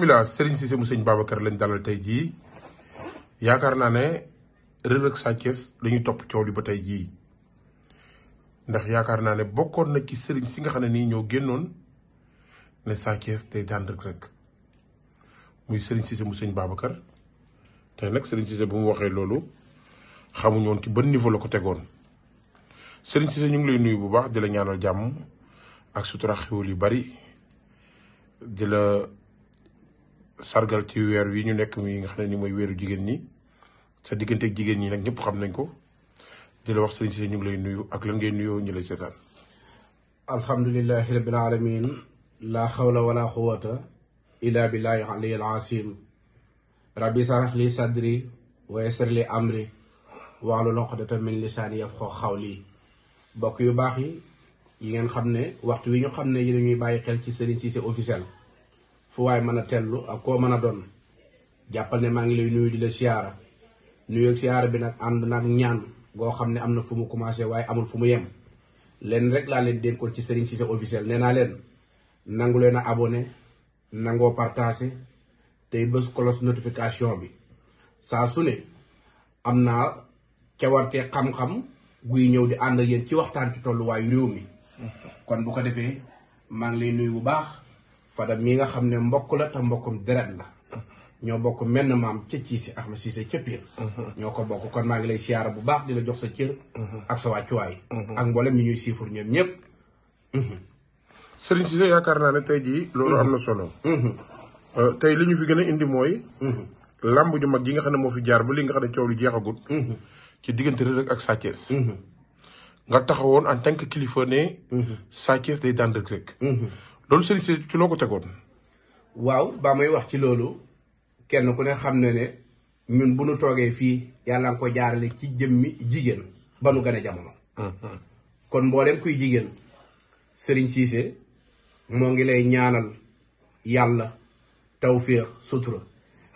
bismillah serigne cissé mu serigne babacar lañ dalal tay ji yaakar na né reug ak sathies dañu top ciow li ba tay ji ndax yaakar na né bokkon na ci serigne si nga xamné ni ñoo gennon né sathies tay dand rek rek muy serigne cissé mu serigne babacar tay nak serigne cissé bu mu waxé lolu xamu ñoon ci ban niveau la ko tegon serigne cissé ñu ngi lay nuyu bu baax di la ñaanal jamm ak sutura xewul yu bari di la sargal ci wër wi ñu nekk mi nga xamne ni moy wëru jigen ñi sa digënté jigen ñi nak ñëpp xam nañ ko di la wax sëriñ ci ñu ngi lay nuyu ak la ngeen nuyu ñu lay seetaan alhamdullilah rabbil alamin la hawla wala quwwata illa billahi aliyyil azim rabbi sarah li sadri wa yassir li amri wa waxlu lonqdata min lisani yafqa xawli bokk yu bax yi yi ngeen xamne waxtu wi ñu xamne yi dañuy bàyyi xel ci sëriñ ci officiel fu waay mën a tellu ak koo mën a doon jàppal ne maa ngi lay nuyu di la siyaara nuyu ak siyaara bi nag ànd nag ñaan boo xam ne am na fu mu commencé waaye amul fu mu yem leen rek laa leen dénkoon ci Serigne Cissé officiel nee naa leen nangu leen a abone nangoo partagé tey bés cloche notification bi saa su ne am naa cawarte xam-xam guy ñëw di ànd ak ci waxtaan ci tolluwaayu réew mi mm-hmm. kon bu ko defee maa ngi lay nuyu bu baax Fada mi nga xam ne mbokk la te mbokkum deret la ñoo bokk menn maam ca Ciisi Ahmed Cissé ca Pire ñoo ko bokk kon maa ngi lay siyaara bu baax di jox sa cër ak sa wàccuwaay ak mboolem mi ñuy siifur ñoom ñëpp Serigne Cissé yaakaar naa ne tey jii loolu am na solo euh, tey li ñu fi gën a indi mooy làmb ju mag yi nga xam ne moo fi jaar bu li nga xam ne coow lu jeexagut ci diggante Reug Reug ak Sa Thiès nga taxawoon en tant que ne Sa Thiès loolu sëriñ si ci loo ko tegoon. waaw baa may wax ci loolu kenn ku ne xam ne ne ñun bu nu toogee fii yàlla nga ko jaarale ci jëmmi jigéen ba nu gën a jamono. Uh-huh. kon mboolem kuy jigéen sëriñ Cissé moo ngi lay ñaanal yàlla tawféex sutura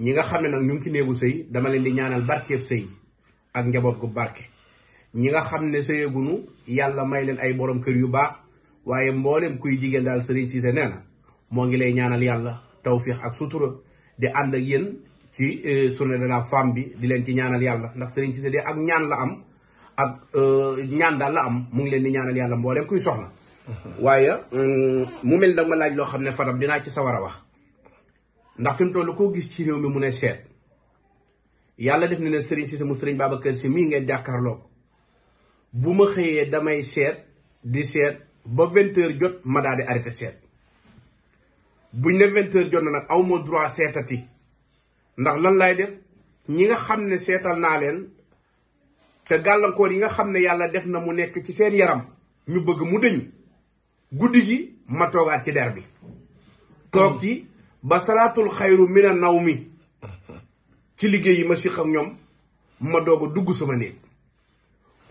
ñi nga xam ne nag ñu ngi ci sëy dama leen di ñaanal barkeeb sëy ak njaboot gu barke ñi nga xam ne sëyagunu yàlla may leen ay boroom kër yu baax. waaye mboolem kuy jigéen daal Serigne Cissé nee na moo ngi lay ñaanal yàlla tawfiix ak sutura di ànd ak yéen ci euh, journée de la bi di leen ci ñaanal yàlla ndax sëriñ Cissé de ak ñaan la am ak euh, ñaan daal am mu ngi leen di ñaanal yàlla mboolem kuy soxna waaye euh, mu mel da nga laaj loo xam ne Fadam dinaa ci sawar a wax ndax fi mu toll koo gis ci réew mi mu ne seet yàlla def na ne Serigne Cissé mu Serigne Babacar si mii ngeen jàkkaarloo bu ma xëyee damay seet di seet. ba vingt jot ma daal di seet buñ ne vingt heures jot na nag aw ma droit seetati ndax lan laay def ñi nga xam ne seetal naa leen te gàllankoor yi nga xam ne yàlla def na mu nekk ci seen yaram ñu bëgg mu dëñ guddi gi ma toogaat ci der bi toog ci ba salaatul xayru mina naw mi ci liggéey yi ma siq ak ñoom ma doog a dugg sama néeg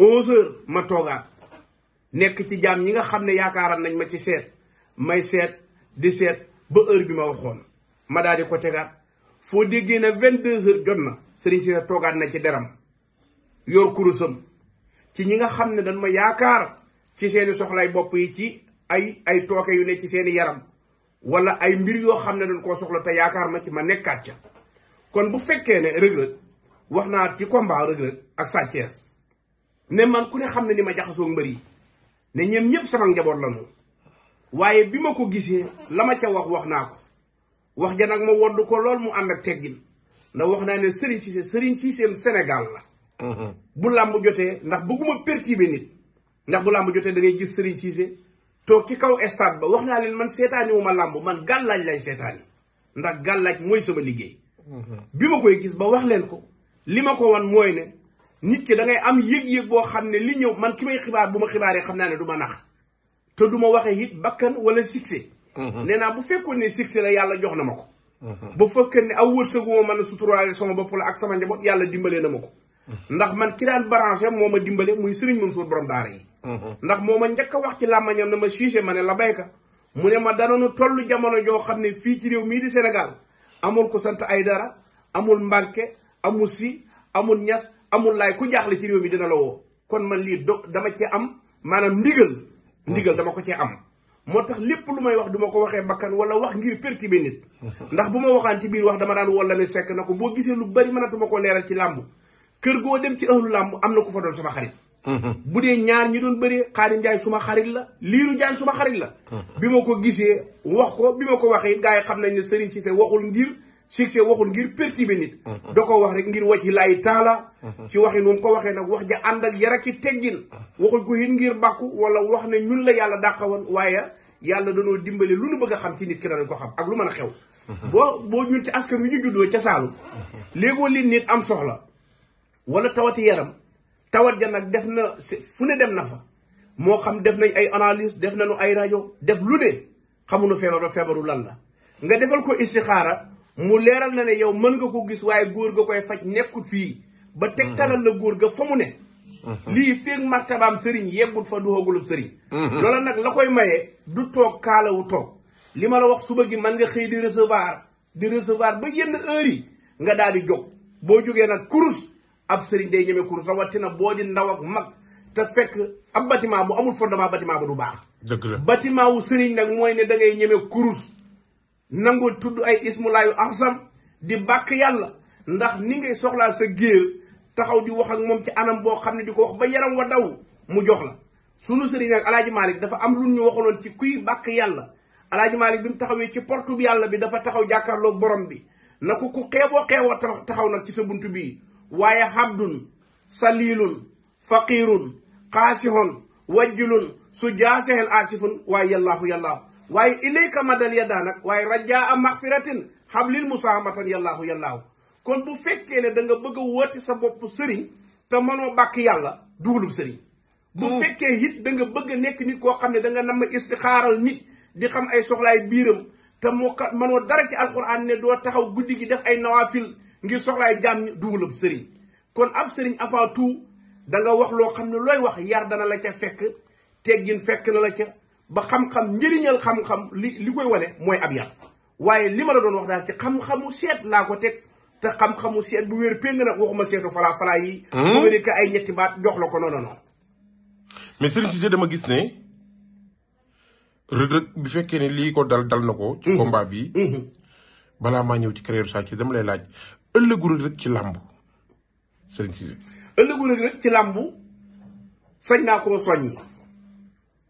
onze heures ma toogaat nekk ci jaam ñi nga xam ne yaakaaran nañ ma ci seet may seet di seet ba heure bi ma waxoon ma daal di ko tegaat foo déggee na vingt deux heures jot na sëriñ si toogaat na ci deram yor kurusam ci ñi nga xam ne dañ ma yaakaar ci seeni soxlaay bopp yi ci ay ay tooke yu ne ci seeni yaram wala ay mbir yoo xam ne dañ koo soxla te yaakaar ma ci ma nekkaat ca kon bu fekkee ne Reug wax naa ci combat Reug ak Sa ne man ku ne xam ne ni ma jaxasoo mbër yi ne ñoom ñëpp sama njaboot lañu waaye bi ma ko gisee la ma ca wax wax naa ko wax ja nag ma wodd ko lool mu ànd ak teggin ndax wax naa ne Serigne Cissé Serigne Cissé Sénégal la. Mhm. bu làmb jotee ndax bëgguma perturber nit. ndax bu làmb jotee da ngay gis Serigne Cissé toog ci kaw stade ba wax naa leen man seetaani wu ma làmb man gàllaaj lay seetaani ndax gàllaaj mooy sama liggéey. Mhm. bi ma koy gis ba wax leen ko li ma ko wan mooy ne. nit ki da ngay am yëg-yëg bo xamne li ñëw man kimay xibaar buma xibaare xamna ne duma nax te duma waxe hit bakkan wala succès. neena bu fekkone succès la yàlla jox na ma bu fekkene aw wërsëgu mo man suturalé sama bop la ak sama njaboot yàlla dimbalé na ma ndax man ki daan branché moma dimbale muy Serigne Mansour borom daara yi. ndax moma ma wax ci làmmañam na ma sujet mané la bayka mu ne ma danoonu tollu jamono jo xamne fi ci rew mi di Sénégal amul ko sante ay dara amul Mbanke amul si amul ñass amul laay ku jaaxle ci réew mi dina la woo kon man lii do dama cee am maanaam ndigal ndigal dama ko cee am moo tax lépp lu may wax du ma ko waxee bakkan wala wax ngir perturber nit ndax bu ma waxaan ci biir wax dama daan wolla ne sekk na ko boo gisee lu bari mënatuma ko leeral ci làmb kër goo dem ci ëhlu làmb am na ku fa doon sama xarit bu dee ñaar ñi doon bëree Xaadim Njaay suma xarit la liiru jaan suma xarit la bi ma ko gisee wax ko bi ma ko waxee gars xam nañ ne Serigne Cissé waxul succès waxul ngir perturber nit. Mm-hmm. da ko wax rek ngir wàcc laay taala. Mm-hmm. ci waxin moom ko waxee nag wax ja ànd ak yar ak teggin. Mm-hmm. waxul ko it ngir bàkku wala wax ne ñun la yàlla dàqawoon waaye yàlla danoo dimbale lu nu bëgg a xam ci nit ki danañ ko xam ak lu mën a xew. boo boo ñun ci askan wi ñu juddoo ca Saalum. léegoo li nit am soxla wala tawati yaram tawat ja nag def na fu ne dem na fa moo xam def nañ ay analyse def na nañu ay rajo def lu ne xamuñu feebaru feebaru lan la mu leeral na ne yow mën nga ko gis waaye góor ga koy faj nekkut fii ba tegtalal na góor ga fa mu ne mhm. lii feeg martabaam sëriñ yeggut fa du hagulub sëriñ mhm. loola nag la koy maye du toog kaala wu toog li ma la wax suba gi man nga xëy di recevoir di recevoir ba yenn heure yi nga daal di jóg boo jógee nag kurus ab sëriñ day ñeme kurus rawatina boo di ndaw ak mag te fekk ab bâtiment bu amul fondement bâtiment ba du baax dëgg sëriñ nag mooy ne da ngay ñeme kurus nangoo tudd ay ismulaayu ahsam di bàkk yàlla ndax ni ngay soxlaa sa géer taxaw di wax ak moom ci anam boo xam ne di ko wax ba yaram wa daw mu jox la sunu sëriñ ak alaaji Malick dafa am lu ñu waxaloon ci kuy bàkk yàlla alaaji Malick bi mu taxawee ci portu bi yàlla bi dafa taxaw jàkkaarloog borom bi na ko ku xeeboo xeeboo taxaw nag ci sa bunt bii waaye xabdun saliilun faqiirun xaasihon wajjulun su jaasehel aasifun waaye yallaahu yallaahu waaye ilayka madal yaddaa nag waaye rajaa am maxfiratin xablil musaamatan yallaahu yallaahu kon bu fekkee ne danga nga bëgg a sa bopp sëriñ te mënoo bàkk yàlla dugalub sëriñ bu hmm. fekkee it da nga bëgg a nekk nit koo xam ne da nga nam istixaaral nit di xam ay soxlaay biiram te moo ka mënoo dara ci alquran ne doo taxaw guddi gi def ay nawafil ngir soxlaay jaam ñi dugalub sëriñ kon ab sëriñ avant tout da nga wax loo xam ne looy wax yar dana la ca fekk teggin fekk na la ca ba xam-xam njëriñal xam-xam li li koy wane mooy ab yar waaye li ma la doon wax daal ci xam-xamu seet laa ko teg te xam-xamu seet bu wér péng nag waxuma seetu falaa falaa yi. Hmm? ay ñetti baat jox la ko non non. dama gis ne Reug Reug bu fekkee ne lii ko dal dal na ko. ci hmm. combat bi. Hmm. balaa maa ñëw ci carrière Sa ci dama lay laaj ëllëgu Reug Reug ci làmb Serigne Cissé. ëllëgu Reug Reug ci làmb sañ naa ko soññi.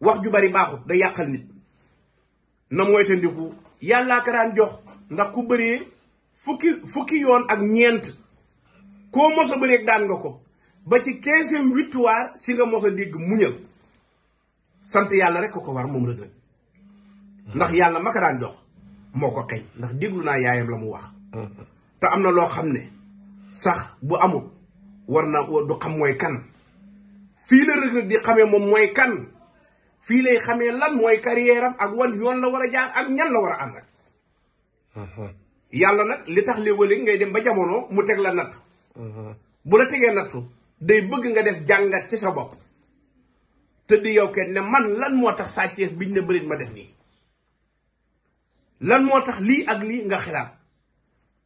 wax ju bari baaxut da yàqal nit na moytandiku yàllaa ka daan jox ndax ku bëree fukki fukki yoon ak ñeent koo mos a bëree daan nga ko ba ci quinzième victoire si nga mos a dégg muñal sant yàlla rek ko ko war moom Reug Reug ndax yàlla ma ka daan jox moo ko xëy ndax déglu naa yaayam la mu wax te am na loo xam ne sax bu amul war na du xam mooy kan fii la Reug Reug di xamee moom mooy kan fii lay xamee lan mooy carrière am ak wan yoon la war a jaar ak ñan la war a ànd ak yàlla nag li tax léeg-léeg ngay dem ba jamono mu teg la nattu bu la tegee nattu day bëgg nga def jàngat ci sa bopp te di yow kenn man lan moo tax Sa Thiès biñ ne bërit ma def nii lan moo tax lii ak lii nga xelaat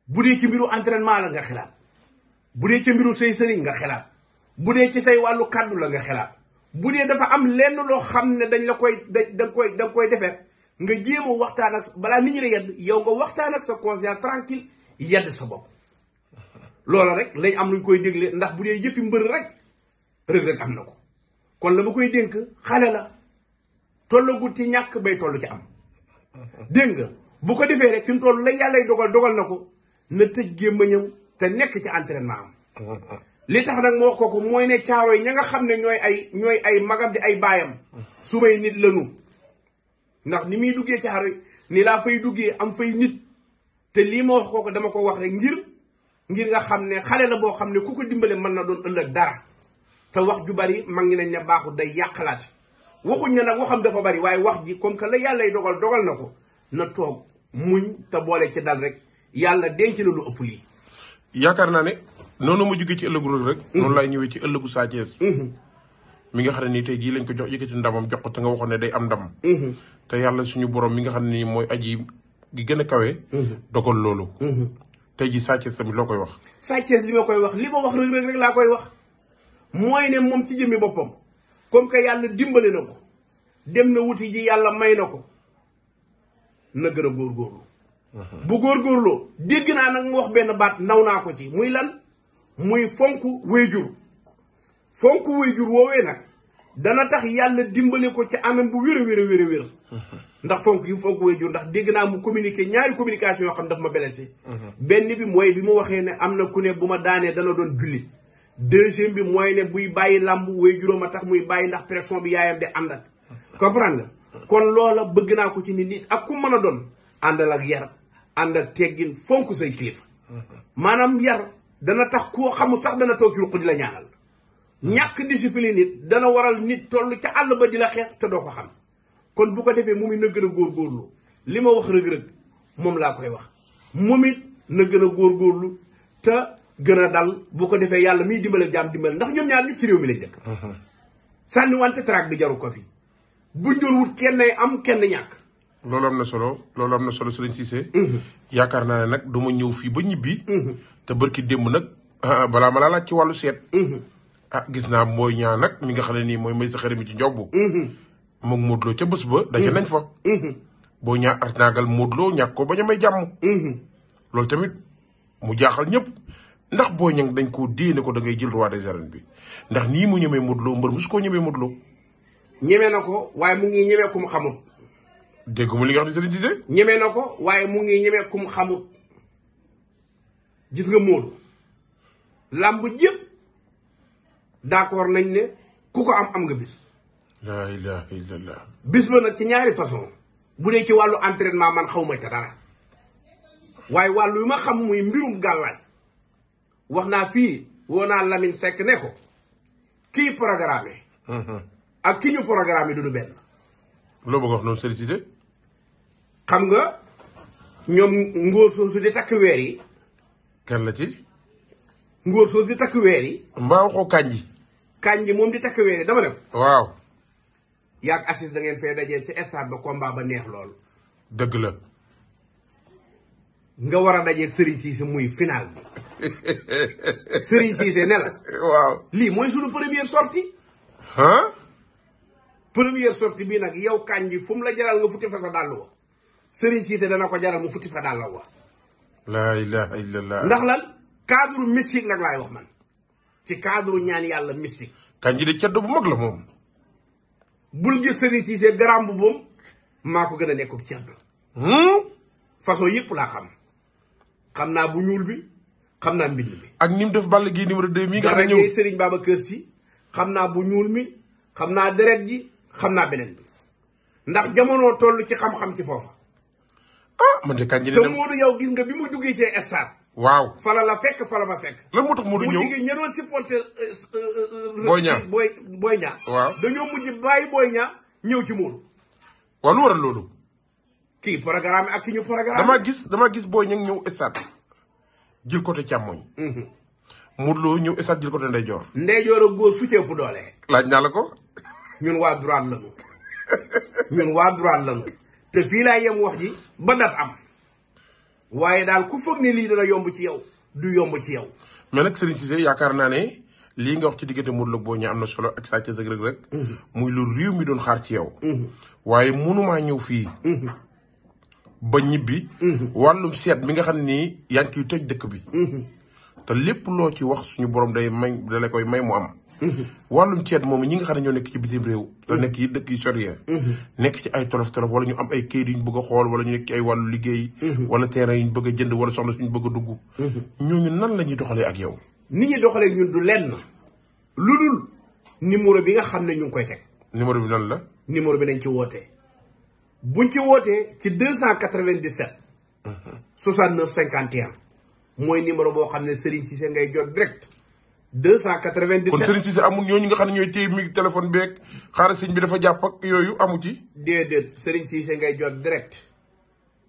bu dee ci mbiru entraînement la nga xelaat bu dee ci mbiru say sëriñ nga xelaat bu dee ci say wàllu kàddu la nga xelaat bu dee dafa am lenn loo xam ne dañ la koy da koy da koy defee nga jéem waxtaan ak balaa nit ñi la yedd yow nga waxtaan ak sa conscience tranquille yedd sa bopp loola rek lañ am luñ koy dégle ndax bu dee jëfi mbër rek rek rek am na ko kon la ma koy dénk xale la tollagut ci ñàkk bay toll ci am dégg nga bu ko defee rek fi mu toll la yàllay dogal dogal na ko na tëj gémmañam te nekk ci entraînement am li tax nag moo wax ko ko mooy ne caaro yi ña nga xam ne ñooy ay ñooy ay magam di ay baayam su may nit la nu ndax ni muy duggee caaro yi ni laa fay duggee am fay nit te lii ma wax ko ko dama ko wax rek ngir ngir nga xam ne xale la boo xam ne ku ko dimbale mën na doon ëllëg dara te wax ju bari mag ngi nañ ne baaxul day yàqalaate waxuñ ne nag waxam dafa bari waaye wax ji comme que la yàllay dogal dogal na ko na toog muñ te boole ci rek yàlla denc la lu ëpp lii yaakaar ne noonu moo jógee ci ëllëgu Reug Reug mm-hmm. noonu laay ñëwee ci ëllëgu Sa mm-hmm. mi nga xam ne nii tey jii lañ ko jox yëkkati ndamam jox ko te nga waxoon ne am ndam mm-hmm. te yàlla suñu borom mi nga xam nii mooy aji gi gën a kawe dogal loolu tey jii Sa tamit loo koy wax Sa Thiès li ma koy wax li ma wax Reug Reug rek laa koy wax mooy ne moom ci jëmmi boppam comme que yàlla dimbale na ko dem na wuti ji yàlla may na ko na gën a góorgóorlu uh-huh. bu góorgóorloo dégg naa nag mu wax benn baat naw naa ko ci muy lan muy fonk wéyjur fonk wéyjur woowee nag dana tax yàlla dimbali ko ci anam bu wér a wér wér a wér ndax fonk yi fonk wéyjur ndax dégg naa mu communiqué ñaari communication yoo xam daf ma blessé mhm. benn bi mooy bi mu waxee ne am na ku ne bu ma daanee dana doon julli deuxième bi mooy ne buy bàyyi làmb wéyjuróom a tax muy bàyyi ndax pression bi yaayam de àndal comprendre nga kon loola bëgg naa ko ci nit nit ak ku mën a doon àndal ak yar ànd ak teggin fonk say kilifa maanaam yar dana tax ko xamu sax dana toog ci ruq di la ñaanal ñak discipline nit dana waral nit tollu ci àll ba di la te do ko xam kon bu ko defé mumi mi na gën a góorgóorlu li wax reug reug mom la koy wax moom na gën te gëna dal bu ko defé yalla mi dimbalé jam dimbal ndax ñoom ñaar ñëpp ci réew mi lañ dëkk uh-huh. sanni wante track bi jaru ko fi bu wut kenn am kenn ñak lolu am solo lolu am solo serigne Cissé mm-hmm. yakarna ba ñibi mm-hmm. te ki démb nag ah, balaa ma laa laaj ci wàllu seet. Mm-hmm. ah gis naa mooy ñaa nag mi nga xam ne nii mooy may sa xarit mi ci njobb. Mm-hmm. moom Modou Lo ca bés ba. daje mm-hmm. nañ fa. boo ñaa artinaagal Modou Lo ñàkk ko bañ a may jàmm. loolu tamit mu jaaxal ñëpp ndax booy ñang dañ ko dee ne ko da ngay jël roi des arènes bi ndax nii mu ñemee Modou Lo mbër mu su koo ñemee Modou Lo. ñeme na ko waaye mu ngi ñemee ku mu xamut. dégg mu li nga xam ne ñeme na ko waaye mu ngi ñemee ku xamut. gis nga Modou làmb jëpp d'accord nañ ne ku ko am am nga bis. la ilaha bis ba nag ci ñaari façon bu dee ci wàllu entraînement man xawma ca dara waaye wàllu yu ma xam muy mbirum gàllaaj wax naa fii woo naa Lamine sekk ne ko kii programme. Mhm. ak ki ñu programme du du benn. loo bëgg wax noonu Serigne xam nga ñoom ngóor soosu di takk weer yi. kan la ci ngor so di tak wér yi ma waxo kanji kanji mom di tak wér yi dama dem waaw yak assis da ngeen fay dajé ci stade ba combat ba neex lool deug la nga wara dajé serigne cissé muy final bi serigne cissé ne la waaw li moy suñu première sortie hein première sortie bi nak yow kanji fum la jaral nga futi fa sa dalu serigne cissé dana ko jaral mu futi fa dalu wax la ilaha illallah ndax lan cadre mystique nag laay wax man ci cadre ñaan yàlla mystique. kanji de ceddo bu mag la moom. bul gis Serigne Cissé garam bu boom maa ko gën a nekkub ceddo. Hmm? façon yëpp laa xam. xam naa bu ñuul bi xam naa bi. ak ni mu def bàll gi numéro 2 mi nga xam ne ñëw dara Serigne Babacar Sy xam naa bu ñuul mi xam naa deret ji xam naa beneen bi ndax jamono toll ci xam-xam ci foofa. ah man de kan jëne dem modou yow gis nga bi mu duggé ci estade waaw fala la fekk fala ma fekk lan motax modou ñew mu jigé ñëron supporter euh, boy ña boy boy ña waaw dañoo mujj bayyi boy ña ñew ci modou wa lu waral lolu ki programme ak ki ñu programme dama gis dama gis boy ñak ñew estade jël côté chamoñ hmm modou ñew estade jël côté ndey jor ndey jor goor fu ci ëpp na la ko ñun wa droit lañu ñun wa droit lañu te fii laa yem wax ji ba daf am waaye daal ku foog ne lii dana yomb ci yow du yomb ci yow. mais nag Serigne Cissé yaakaar naa ne lii nga wax ci diggante Modou Lo boo am na solo ak Sa Thiès Reug Reug. Mhm. muy lu réew mi doon xaar ci yow. Mhm. waaye ma ñëw fii. Mhm. ba ñibbi. wàllum seet mi nga xam ni yaa ngi ciy toj dëkk bi. te lépp loo ci wax suñu borom day may la koy may mu am. wàllum ceet moom ñi nga xam ne ñoo nekk ci bitim réew la mm-hmm. nekk yi dëkk yi sorien mm-hmm. nekk ci ay tolof tolof wala ñu am ay kayit yu ñu bëgg xool wala ñu nekk ci ay wàllu liggéey mm-hmm. wala terrain yu ñu bëgg a jënd wala soxla ñu bëgg a dugg ñooñu nan la ñuy doxalee ak yow ni ñuy doxalee ñun du lenn lu dul numéro bi nga xam ne ñu ngi koy teg numéro bi nan la numéro bi nañ ci wootee buñ ci wootee ci deux cent quatre-vingt-dix-sept soixante-neuf mooy numéro boo xam ne Serigne Cissé ngay jot direct deux cent quatre vingt dix sept kon Serigne Cissé amul ñooñu nga xam ne ñooy téye mi téléphone beeg xaaral sëñ bi dafa jàpp yooyu amu ci. déedéet Serigne Cissé ngay jot direct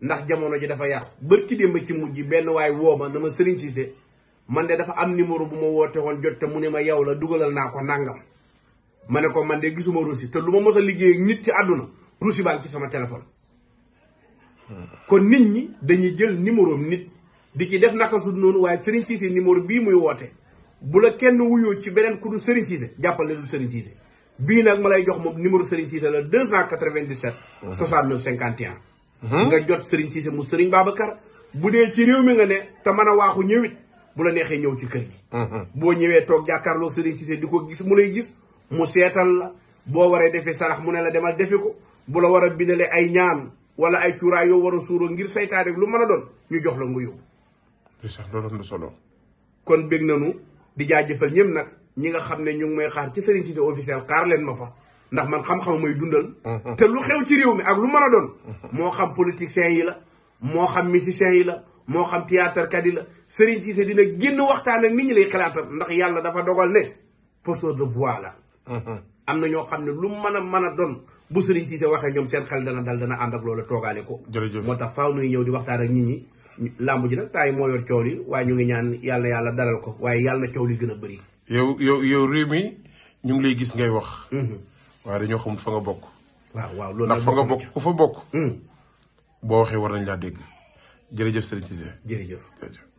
ndax jamono ji dafa yàqu bër ci démb ci mujj benn waay woo ma na ma Serigne Cissé man de dafa am numéro bu ma woote woon jot te mu ne ma yow la dugalal naa ko nangam ma ne ko man de gisuma russi te lu ma mos a liggéey nit ci àdduna russi baa ci sama téléphone. kon nit ñi dañuy jël numéro nit di ki def naka su noonu waaye Serigne Cissé numéro bii muy woote. bu la kenn wuyoo ci beneen ku du Serigne Cissé jàppal ne du Serigne Cissé bii nag ma lay jox moom numéro Serigne Cissé la 297. 69 51. nga jot Serigne Cissé mu Serigne Babacar. bu dee ci réew mi nga ne te mën a waaxu ñëwit bu la neexee ñëw ci kër gi. boo ñëwee toog jàkkaarloo Serigne Cissé di ko gis mu lay gis la boo waree defee sarax mu ne la demal defe ko bu la war a bindalee ay ñaan wala ay cuuraay yoo war a suuroo ngir saytaane lu mën a doon ñu jox la nga yóbbu. loolu am na solo. di jaajëfal ñëpp nag ñi nga xam ne ñu ngi may xaar ci Serigne Cissé officiel xaar leen ma fa ndax man xam-xam may dundal. Mhm. te lu xew ci réew mi ak lu mën a doon. moo xam politiciens yi la moo xam musiciens yi la moo xam kat yi la Serigne Cissé dina génn waxtaan ak nit ñi lay xalaatal ndax yàlla dafa dogal ne porteur de voix la. Mhm. am na ñoo xam ne lu mën a mën a doon bu Serigne Cissé waxee ñoom seen xel dana dal dana ànd ak loolu toogaale ko. jërëjëf moo tax faaw nuy ñëw di waxtaan ak nit ñi. làmb ji nag taay moo yor coow li waaye ñu ngi ñaan yàlla yàlla dalal ko waaye yàlla coow li gën a bëri. yow yow yow réew mi ñu ngi lay gis ngay wax. Mhm. waaye dañoo xamul fa nga bokk. waaw waaw loolu ndax fa nga bokk ku fa bokk. Mhm. boo waxee war nañ laa dégg jërëjëf Serigne Cissé. jërëjëf jërëjëf.